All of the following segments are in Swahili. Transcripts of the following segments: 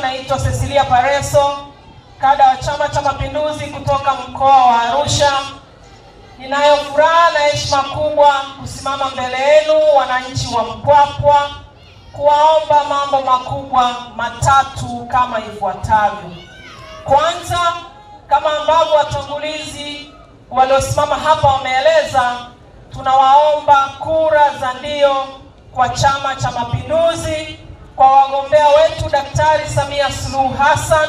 Naitwa Cecilia Pareso, kada wa Chama cha Mapinduzi kutoka mkoa wa Arusha. Ninayo furaha na heshima kubwa kusimama mbele yenu wananchi wa Mpwapwa kuwaomba mambo makubwa matatu kama ifuatavyo. Kwanza, kama ambavyo watangulizi waliosimama hapa wameeleza, tunawaomba kura za ndio kwa Chama cha Mapinduzi kwa wagombea wetu Daktari Samia Suluhu Hassan,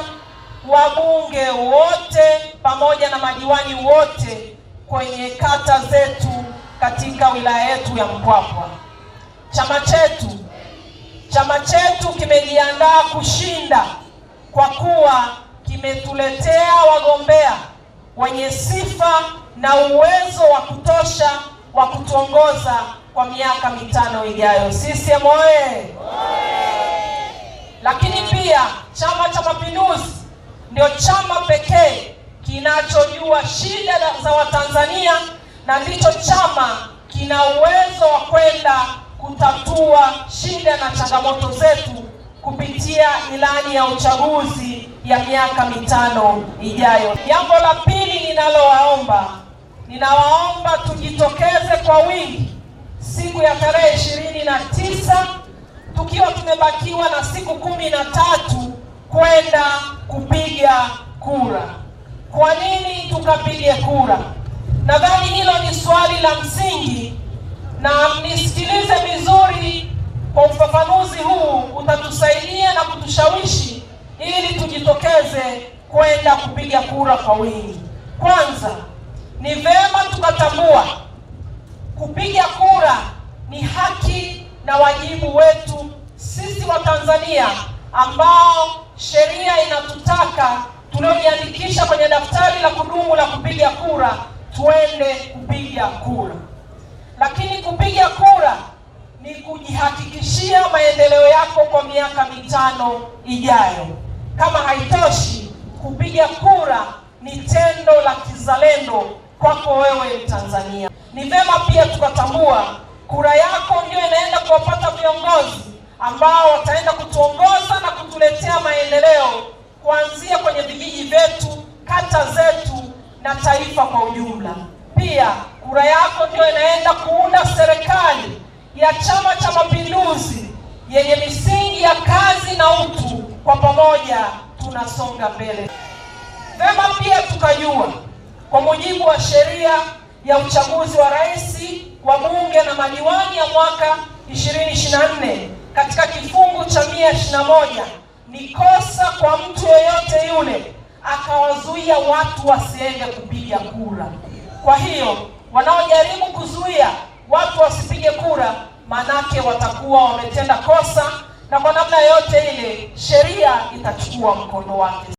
wabunge wote pamoja na madiwani wote kwenye kata zetu katika wilaya yetu ya Mpwapwa. Chama chetu chama chetu kimejiandaa kushinda kwa kuwa kimetuletea wagombea wenye sifa na uwezo wa kutosha wa kutuongoza kwa miaka mitano ijayo. CCM oye! Lakini pia Chama cha Mapinduzi ndio chama pekee kinachojua shida za Watanzania na ndicho chama kina uwezo wa kwenda kutatua shida na changamoto zetu kupitia ilani ya uchaguzi ya miaka mitano ijayo. Jambo la pili ninalowaomba, ninawaomba tujitokeze kwa wingi siku ya tarehe ishirini na tisa tukiwa tumebakiwa na siku kumi na tatu kwenda kupiga kura. Kwa nini tukapige kura? Nadhani hilo ni swali la msingi, na mnisikilize vizuri kwa ufafanuzi huu, utatusaidia na kutushawishi ili tujitokeze kwenda kupiga kura kwa wingi. Kwanza ni vema tukatambua kupiga kura ni haki na wajibu wetu sisi wa Tanzania ambao sheria inatutaka tuliojiandikisha kwenye daftari la kudumu la kupiga kura tuende kupiga kura. Lakini kupiga kura ni kujihakikishia maendeleo yako kwa miaka mitano ijayo. Kama haitoshi, kupiga kura ni tendo la kizalendo kwako wewe Mtanzania. Ni vema pia tukatambua kura yako ndiyo inaenda kuwapata viongozi ambao wataenda kutuongoza na kutuletea maendeleo kuanzia kwenye vijiji vyetu, kata zetu na taifa kwa ujumla. Pia kura yako ndiyo inaenda kuunda serikali ya Chama cha Mapinduzi yenye misingi ya kazi na utu. Kwa pamoja tunasonga mbele. Vema pia tukajua kwa mujibu wa sheria ya uchaguzi wa rais, wa bunge na madiwani ya mwaka 2024 katika kifungu cha mia ishirini na moja ni kosa kwa mtu yeyote yule akawazuia watu wasiende kupiga kura. Kwa hiyo wanaojaribu kuzuia watu wasipige kura, manake watakuwa wametenda kosa, na kwa namna yoyote ile sheria itachukua mkondo wake.